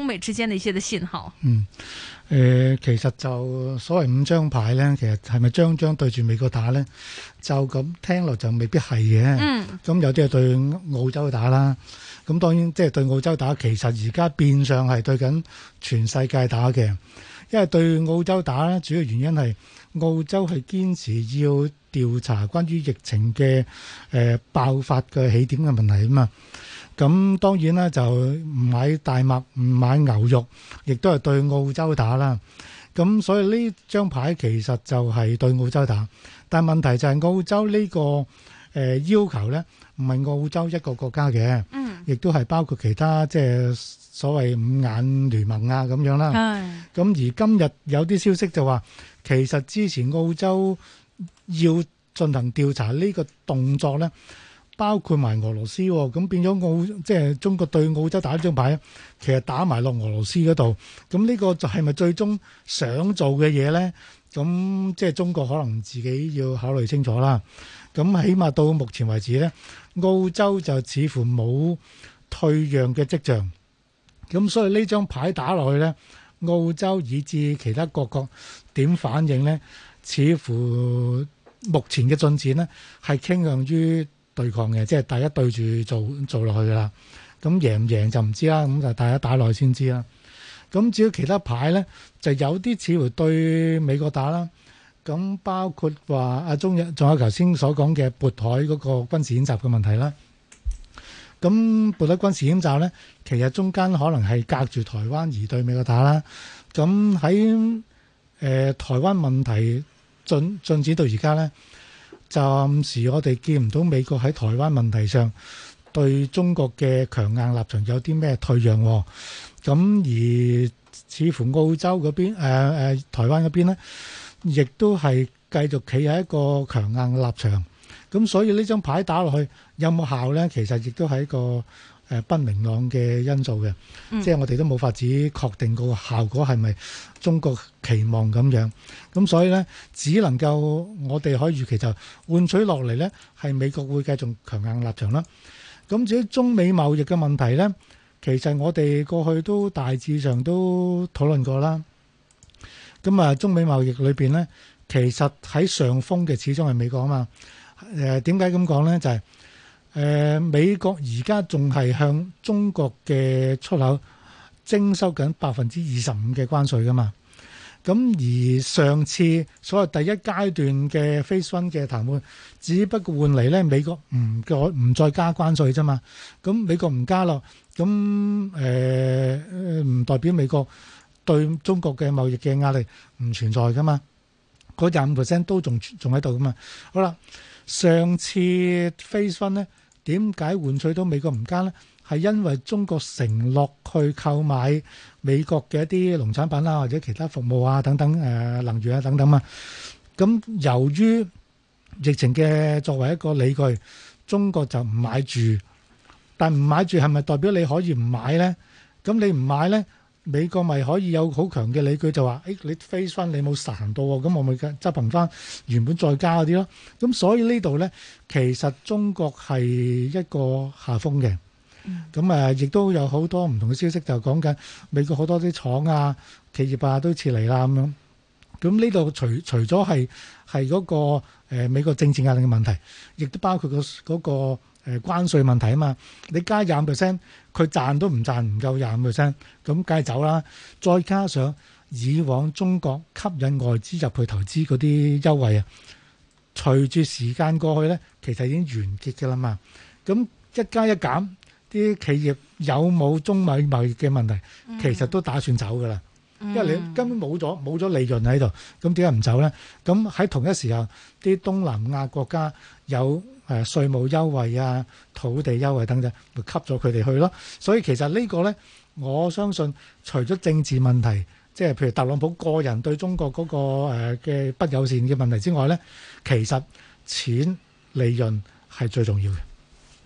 中美之間的一些的信號，嗯，誒、呃，其實就所謂五張牌咧，其實係咪張張對住美國打咧？就咁聽落就未必係嘅，嗯，咁、嗯、有啲係對澳洲打啦，咁、嗯、當然即係對澳洲打，其實而家變相係對緊全世界打嘅，因為對澳洲打咧，主要原因係澳洲係堅持要調查關於疫情嘅誒、呃、爆發嘅起點嘅問題啊嘛。咁當然啦，就唔買大麥，唔買牛肉，亦都係對澳洲打啦。咁所以呢張牌其實就係對澳洲打，但問題就係澳洲呢、呢個、呃、要求呢，唔係澳洲一個國家嘅，亦、嗯、都係包括其他即係、就是、所謂五眼聯盟啊咁樣啦。咁、嗯、而今日有啲消息就話，其實之前澳洲要進行調查呢個動作呢。包括埋俄羅斯喎，咁變咗澳即係中國對澳洲打一張牌，其實打埋落俄羅斯嗰度，咁呢個就係咪最終想做嘅嘢咧？咁即係中國可能自己要考慮清楚啦。咁起碼到目前為止咧，澳洲就似乎冇退讓嘅跡象，咁所以呢張牌打落去咧，澳洲以至其他各國點反應咧？似乎目前嘅進展咧，係傾向於。對抗嘅，即係大家對住做做落去噶啦。咁贏唔贏就唔知啦，咁就大家打落去先知啦。咁至於其他牌咧，就有啲似乎對美國打啦。咁包括話阿、啊、中日，仲有頭先所講嘅渤海嗰個軍事演習嘅問題啦。咁渤海軍事演習咧，其實中間可能係隔住台灣而對美國打啦。咁喺、呃、台灣問題進進展到而家咧。暫時我哋見唔到美國喺台灣問題上對中國嘅強硬立場有啲咩退讓，咁而似乎澳洲嗰邊誒誒台灣嗰邊咧，亦都係繼續企喺一個強硬嘅立場，咁所以呢張牌打落去有冇效咧？其實亦都係一個。誒、呃、不明朗嘅因素嘅，即係我哋都冇法子確定個效果係咪中國期望咁樣，咁所以咧，只能夠我哋可以預期就換取落嚟咧，係美國會繼續強硬立場啦。咁至於中美貿易嘅問題咧，其實我哋過去都大致上都討論過啦。咁啊，中美貿易裏邊咧，其實喺上風嘅始終係美國啊嘛。誒，點解咁講咧？就係、是。誒、呃、美國而家仲係向中國嘅出口徵收緊百分之二十五嘅關稅噶嘛，咁而上次所謂第一階段嘅 Phase One 嘅談判，只不過換嚟咧美國唔再唔再加關稅啫嘛，咁美國唔加咯，咁誒唔代表美國對中國嘅貿易嘅壓力唔存在噶嘛，嗰廿五 percent 都仲仲喺度噶嘛，好啦。上次飛分咧，點解換取到美國唔加咧？係因為中國承諾去購買美國嘅一啲農產品啦，或者其他服務啊，等等誒能源啊等等啊。咁由於疫情嘅作為一個理據，中國就唔買住。但唔買住係咪代表你可以唔買咧？咁你唔買咧？美國咪可以有好強嘅理據就話，欸，你飛信你冇賺到喎，咁我咪執行翻原本再加嗰啲咯。咁所以呢度咧，其實中國係一個下風嘅。咁啊，亦都有好多唔同嘅消息，就講、是、緊美國好多啲廠啊、企業啊都撤離啦咁樣。咁呢度除除咗係係嗰個、呃、美國政治壓力嘅問題，亦都包括嗰、嗰個。嗰個誒關稅問題啊嘛，你加廿五 percent，佢賺都唔賺唔夠廿五 percent，咁梗係走啦。再加上以往中國吸引外資入去投資嗰啲優惠啊，隨住時間過去咧，其實已經完結㗎啦嘛。咁一加一減，啲企業有冇中美貿易嘅問題，其實都打算走㗎啦。因為你根本冇咗冇咗利潤喺度，咁點解唔走咧？咁喺同一時候，啲東南亞國家有。係、啊、稅務優惠啊、土地優惠等等，咪吸咗佢哋去咯。所以其實呢個呢，我相信除咗政治問題，即係譬如特朗普個人對中國嗰、那個嘅、呃、不友善嘅問題之外呢，其實錢利潤係最重要嘅。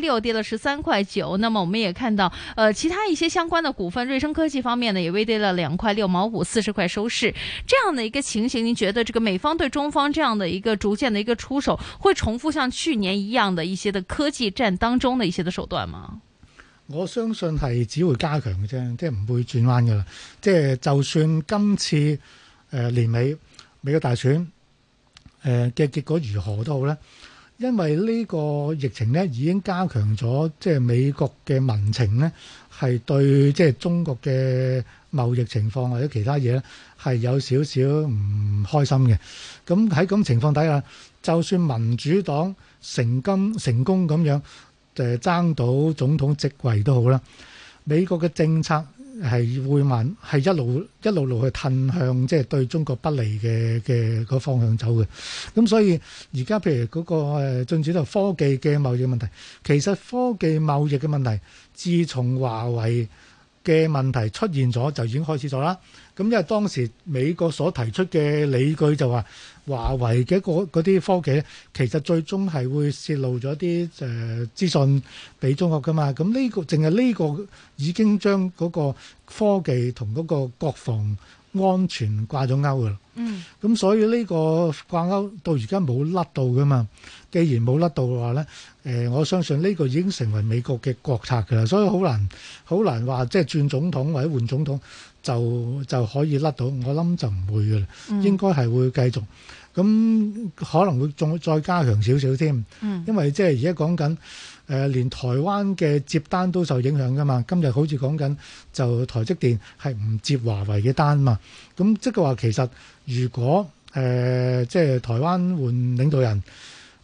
六跌了十三塊九，那麼我們也看到，呃，其他一些相關的股份，瑞聲科技方面呢也微跌了兩塊六毛五，四十塊收市這樣的一個情形。您覺得這個美方對中方這樣的一個逐漸的一個出手，會重複像去年一樣的一些的科技戰當中的一些的手段嗎？我相信係只會加強嘅啫，即係唔會轉彎噶啦。即係就算今次誒、呃、年尾美國大選誒嘅、呃、結果如何都好咧。因為呢個疫情咧，已經加強咗，即係美國嘅民情咧，係對即係中國嘅貿易情況或者其他嘢，係有少少唔開心嘅。咁喺咁情況底下，就算民主黨成金成功咁樣誒爭到總統職位都好啦，美國嘅政策，係會慢，係一路一路路去褪向，即係對中國不利嘅嘅個方向走嘅。咁所以而家譬如嗰個誒進展到科技嘅貿易問題，其實科技貿易嘅問題，自從華為嘅問題出現咗就已經開始咗啦。咁因為當時美國所提出嘅理據就話，華為嘅嗰嗰啲科技咧，其實最終係會泄露咗啲誒資訊俾中國噶嘛。咁呢個淨係呢個已經將嗰個科技同嗰個國防安全掛咗鈎噶啦。嗯，咁所以呢個掛鈎到而家冇甩到噶嘛。既然冇甩到嘅話咧，誒，我相信呢個已經成為美國嘅國策噶啦。所以好難好難話即係轉總統或者換總統。就就可以甩到，我諗就唔會嘅啦，嗯、應該係會繼續，咁可能會再再加強少少添，嗯、因為即係而家講緊誒、呃，連台灣嘅接單都受影響噶嘛。今日好似講緊就台積電係唔接華為嘅單嘛，咁即係話其實如果誒、呃、即係台灣換領導人，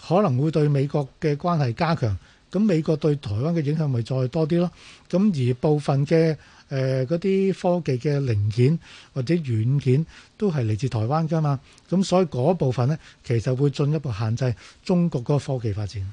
可能會對美國嘅關係加強，咁美國對台灣嘅影響咪再多啲咯。咁而部分嘅。誒嗰啲科技嘅零件或者軟件都係嚟自台灣㗎嘛，咁所以嗰部分呢，其實會進一步限制中國嗰科技發展。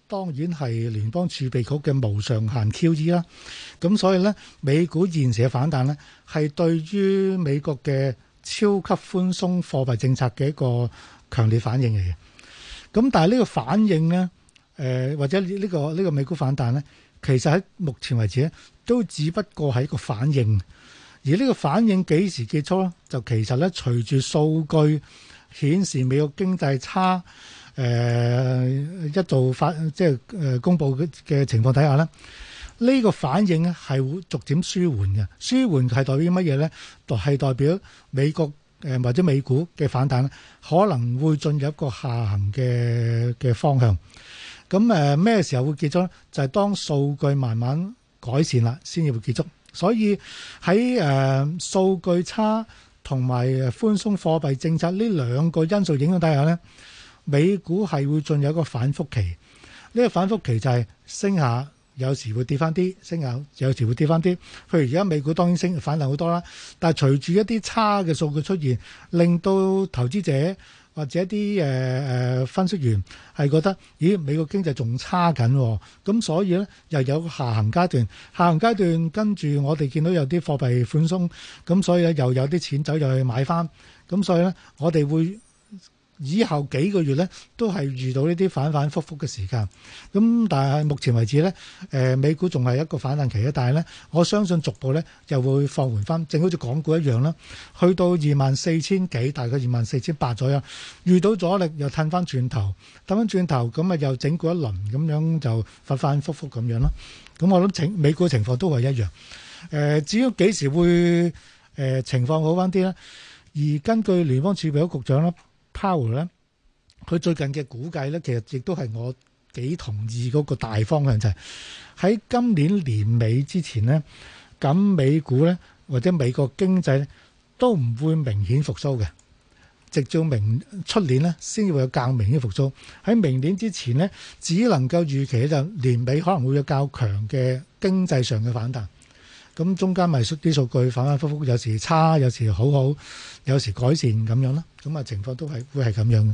當然係聯邦儲備局嘅無上限 QE 啦，咁所以咧，美股現時嘅反彈咧，係對於美國嘅超級寬鬆貨幣政策嘅一個強烈反應嚟嘅。咁但係呢個反應咧，誒、呃、或者呢、呢個呢、呢個美股反彈咧，其實喺目前為止咧，都只不過係一個反應。而呢個反應幾時結束咧？就其實咧，隨住數據。顯示美國經濟差，誒、呃、一做發，即係誒公佈嘅情況底下咧，呢、這個反應咧，係會逐漸舒緩嘅。舒緩係代表乜嘢咧？係代表美國誒、呃、或者美股嘅反彈咧，可能會進入一個下行嘅嘅方向。咁誒咩時候會結束咧？就係、是、當數據慢慢改善啦，先至會結束。所以喺誒數據差。同埋寬鬆貨幣政策呢兩個因素影響底下呢，美股係會進入一個反覆期。呢個反覆期就係升下，有時會跌翻啲；升下，有時會跌翻啲。譬如而家美股當然升反彈好多啦，但係隨住一啲差嘅數據出現，令到投資者。或者啲誒誒分析員係覺得，咦，美國經濟仲差緊，咁所以咧又有個下行階段。下行階段跟住我哋見到有啲貨幣寬鬆，咁所以呢又有啲錢走入去買翻，咁所以咧我哋會。以後幾個月咧，都係遇到呢啲反反覆覆嘅時間。咁、嗯、但係目前為止咧、呃，美股仲係一個反彈期咧。但係咧，我相信逐步咧又會放緩翻，正好似港股一樣啦。去到二萬四千幾，大概二萬四千八左右。遇到阻力又褪翻轉頭，褪翻轉頭咁啊，又整過一輪咁樣就反反覆覆咁樣咯。咁我諗美股嘅情況都係一樣。誒、嗯呃，至於幾時會誒、呃、情況好翻啲咧？而根據聯邦儲備局局長啦。Powell 咧，佢最近嘅估計咧，其實亦都係我幾同意嗰個大方向，就係喺今年年尾之前咧，咁美股咧或者美國經濟咧都唔會明顯復甦嘅，直至明出年咧先會有較明顯嘅復甦。喺明年之前咧，只能夠預期就年尾可能會有較強嘅經濟上嘅反彈。咁中間咪啲數據反反复复，有時差，有時好好，有時改善咁樣咯。咁啊，情況都係會係咁樣嘅。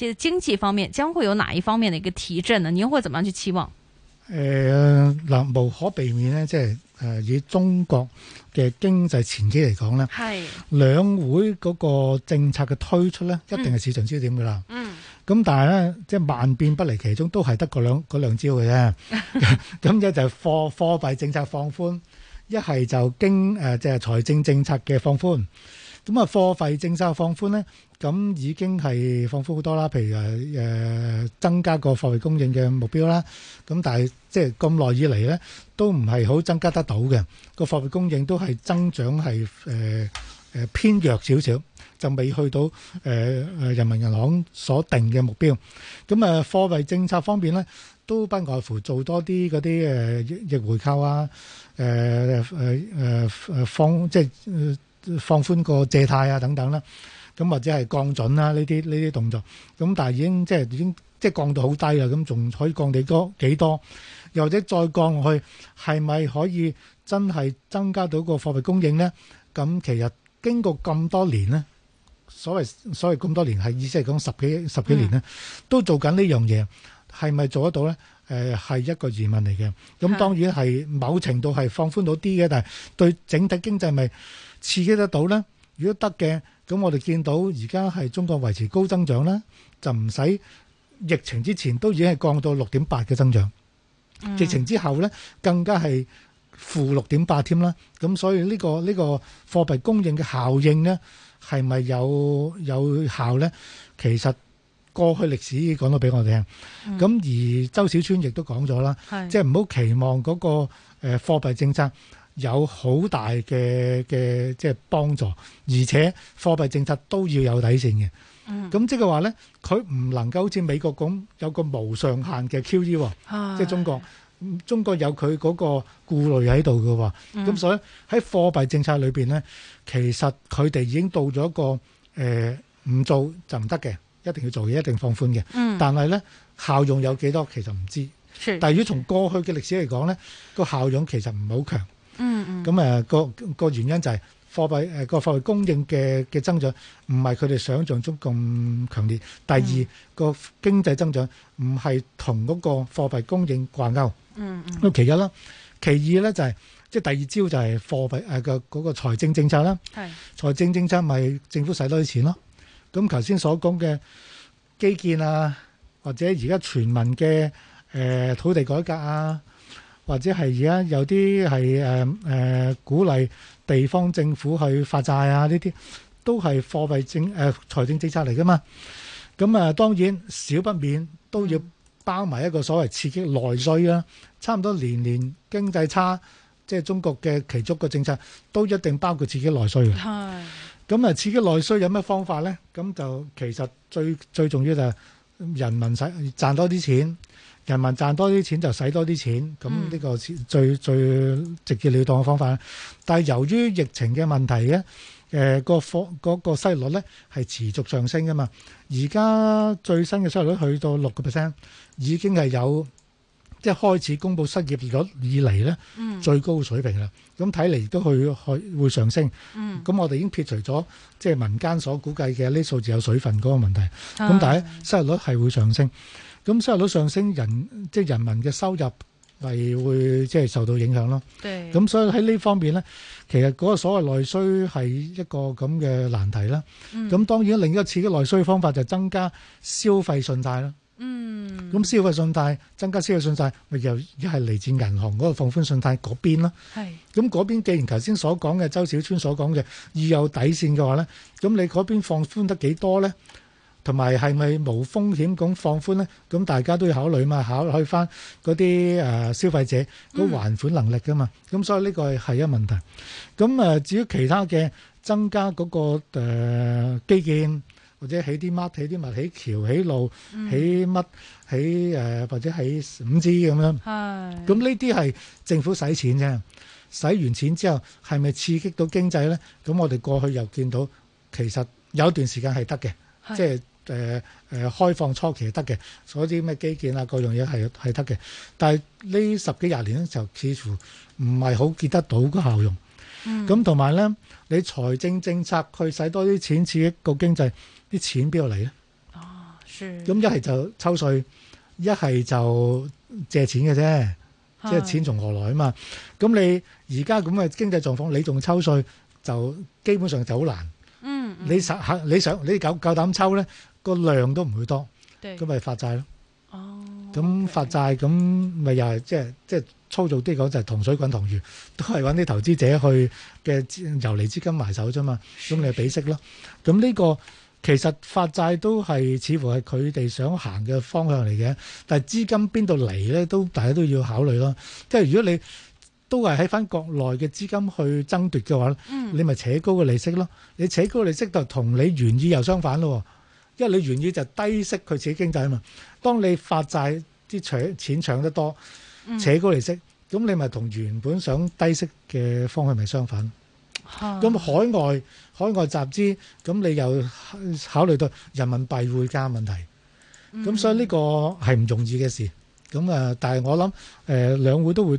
即係經濟方面將會有哪一方面的一個提振呢？你會怎麼樣去期望？誒，嗱，無可避免咧，即係誒、呃、以中國嘅經濟前景嚟講咧，係是兩會嗰個政策嘅推出咧，一定係市場焦點噶啦。嗯，咁但係咧，即係萬變不離其宗，都係得嗰兩兩招嘅啫。咁樣 就係貨貨幣政策放寬，一係就經誒、呃、即係財政政策嘅放寬。咁啊貨幣政策放寬咧，咁已經係放寬好多啦。譬如誒誒、呃、增加個貨幣供應嘅目標啦，咁但係即係咁耐以嚟咧，都唔係好增加得到嘅。個貨幣供應都係增長係誒誒偏弱少少，就未去到誒誒、呃、人民銀行所定嘅目標。咁啊貨幣政策方面咧，都不外乎做多啲嗰啲誒逆回購啊，誒誒誒誒放即係。呃放寬個借貸啊等等啦、啊，咁或者係降準啊呢啲呢啲動作，咁但係已經即係已經即係降到好低啦，咁仲可以降低多幾多？又或者再降落去，係咪可以真係增加到個貨幣供應咧？咁其實經過咁多年咧，所謂所謂咁多年係意思係講十幾十幾年咧，嗯、都做緊呢樣嘢，係咪做得到咧？呃、係一個疑問嚟嘅。咁當然係某程度係放寬到啲嘅，但係對整體經濟咪刺激得到呢？如果得嘅，咁我哋見到而家係中國維持高增長啦，就唔使疫情之前都已經係降到六點八嘅增長。疫情之後呢，更加係負六點八添啦。咁所以呢個呢個貨幣供應嘅效應呢，係咪有有效呢？其實過去歷史講到俾我聽，咁而周小川亦都講咗啦，即係唔好期望嗰個誒貨幣政策。有好大嘅嘅即係幫助，而且貨幣政策都要有底線嘅。咁、嗯、即係話咧，佢唔能夠好似美國咁有個無上限嘅 QE，是即係中國中國有佢嗰個顧慮喺度嘅喎。咁、嗯、所以喺貨幣政策裏邊咧，其實佢哋已經到咗一個誒、呃、唔做就唔得嘅，一定要做嘢，一定放寬嘅。嗯、但係咧效用有幾多其實唔知道，是但係如果從過去嘅歷史嚟講咧，個是效用其實唔係好強。嗯嗯，咁誒個個原因就係貨幣誒個貨幣供應嘅嘅增長唔係佢哋想象中咁強烈。第二個經濟增長唔係同嗰個貨幣供應掛鈎。嗯嗯，咁其一啦，其二咧，就係即係第二招就係貨幣誒嘅嗰個財政政策啦。係財政政策咪政府使多啲錢咯。咁頭先所講嘅基建啊，或者而家全民嘅誒土地改革啊。或者係而家有啲係誒誒鼓勵地方政府去發債啊，呢啲都係貨幣政誒、呃、財政政策嚟㗎嘛。咁啊，當然少不免都要包埋一個所謂刺激內需啦。嗯、差唔多年年經濟差，即係中國嘅其中嘅政策都一定包括刺激內需嘅。係的。咁啊，刺激內需有咩方法咧？咁就其實最最重要就係人民使賺多啲錢。人民賺多啲錢就使多啲錢，咁呢個最、嗯、最，最直接了當嘅方法。但係由於疫情嘅問題咧，誒、呃那個、那個失業率咧係持續上升嘅嘛。而家最新嘅失業率去到六個 percent，已經係有即係開始公布失業率以嚟咧、嗯、最高水平啦。咁睇嚟都去去會上升。咁、嗯、我哋已經撇除咗即係民間所估計嘅呢數字有水分嗰個問題。咁但係失業率係會上升。咁收入率上升，人即係人民嘅收入係會即係受到影響咯。咁所以喺呢方面咧，其實嗰個所謂內需係一個咁嘅難題啦。咁當然另一個刺激內需嘅方法就係增加消費信貸啦。咁消費信貸增加消費信貸，咪又係嚟自銀行嗰個放寬信貸嗰邊啦。咁嗰邊既然頭先所講嘅周小川所講嘅要有底線嘅話咧，咁你嗰邊放寬得幾多咧？同埋係咪無風險咁放寬咧？咁大家都要考慮嘛，考慮翻嗰啲誒消費者嗰還款能力噶嘛。咁所以呢個係係一個問題。咁誒至於其他嘅增加嗰個誒基建或者起啲乜、起啲物、起橋、起路、起乜、起誒或者起五 G 咁樣。係。咁呢啲係政府使錢啫，使完錢之後係咪刺激到經濟咧？咁我哋過去又見到其實有一段時間係得嘅，即係。誒誒、呃呃，開放初期係得嘅，所有啲咩基建啊，各樣嘢係得嘅。但係呢十幾廿年咧，就似乎唔係好見得到個效用。嗯。咁同埋咧，你財政政策去使多啲錢，刺激個經濟，啲錢邊度嚟咧？哦，咁一係就抽稅，一係就借錢嘅啫，嗯、即係錢從何來是啊？嘛，咁你而家咁嘅經濟狀況，你仲抽稅就基本上就好難。嗯，嗯。你你想你夠夠膽抽咧？個量都唔會多，咁咪對發債咯。哦，咁發債咁咪又係即係即係粗俗啲講就係、是、塘、就是就是、水滾塘魚都係搵啲投資者去嘅遊離資金埋手啫嘛。咁你係俾息咯。咁呢、 這個其實發債都係似乎係佢哋想行嘅方向嚟嘅。但係資金邊度嚟咧，都大家都要考慮咯。即係如果你都係喺翻國內嘅資金去爭奪嘅話，嗯、你咪扯高嘅利息咯。你扯高嘅利息就同你原意又相反咯。因為你原意就低息佢自己經濟啊嘛，當你發債啲搶錢搶得多，扯高利息，咁、嗯、你咪同原本想低息嘅方向咪相反？咁、嗯、海外海外集資，咁你又考慮到人民幣匯價問題，咁、嗯、所以呢個係唔容易嘅事。咁啊，但係我諗誒、呃、兩會都會。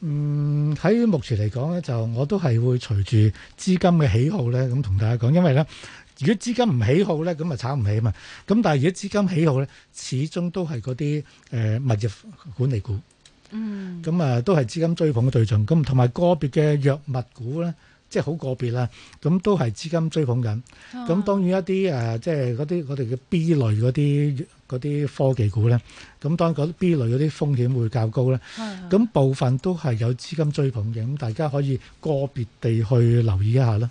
嗯，喺目前嚟講咧，就我都係會隨住資金嘅喜好咧，咁同大家講，因為咧，如果資金唔喜好咧，咁啊炒唔起啊嘛。咁但係如果資金喜好咧，始終都係嗰啲誒物業管理股，嗯、啊，咁啊都係資金追捧嘅對象。咁同埋個別嘅藥物股咧。即係好個別啦，咁都係資金追捧緊。咁當然一啲誒，即係嗰啲我哋嘅 B 類嗰啲嗰啲科技股咧，咁當然嗰啲 B 類嗰啲風險會較高啦。咁部分都係有資金追捧嘅，咁大家可以個別地去留意一下啦。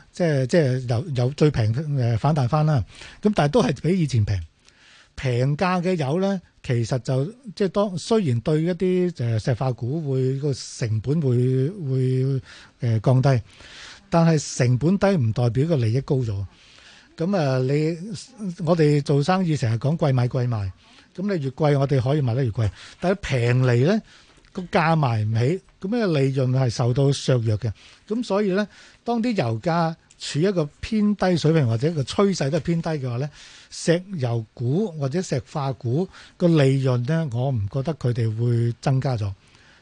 即係即係由由最平誒反彈翻啦，咁但係都係比以前平平價嘅油咧，其實就即係當雖然對一啲誒石化股會個成本會會誒降低，但係成本低唔代表個利益高咗。咁啊，你我哋做生意成日講貴買貴賣，咁你越貴我哋可以賣得越貴，但係平嚟咧個價賣唔起，咁呢個利潤係受到削弱嘅。咁所以咧，當啲油價處一個偏低水平或者一個趨勢都係偏低嘅話咧，石油股或者石化股個利潤咧，我唔覺得佢哋會增加咗，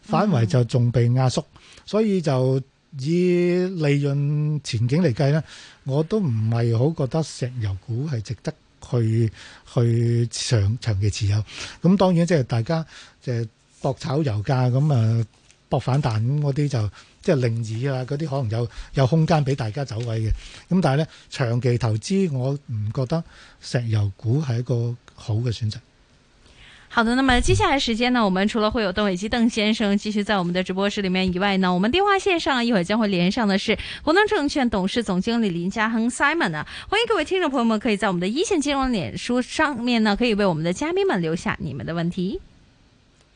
反為就仲被壓縮，所以就以利潤前景嚟計咧，我都唔係好覺得石油股係值得去去長長期持有。咁當然即係大家誒搏炒油價咁啊，搏反彈咁嗰啲就。即係零二啊，嗰啲可能有有空間俾大家走位嘅。咁、嗯、但係咧，長期投資我唔覺得石油股係一個好嘅選擇。好的，那麼接下來時間呢，我們除了會有鄧偉基鄧先生繼續在我們的直播室裏面以外呢，我們電話線上一會將會連上的是國通證券董事總經理林家恒 Simon 啊。歡迎各位聽眾朋友們，可以在我們的一線金融臉書上面呢，可以為我們的嘉賓們留下你們的問題。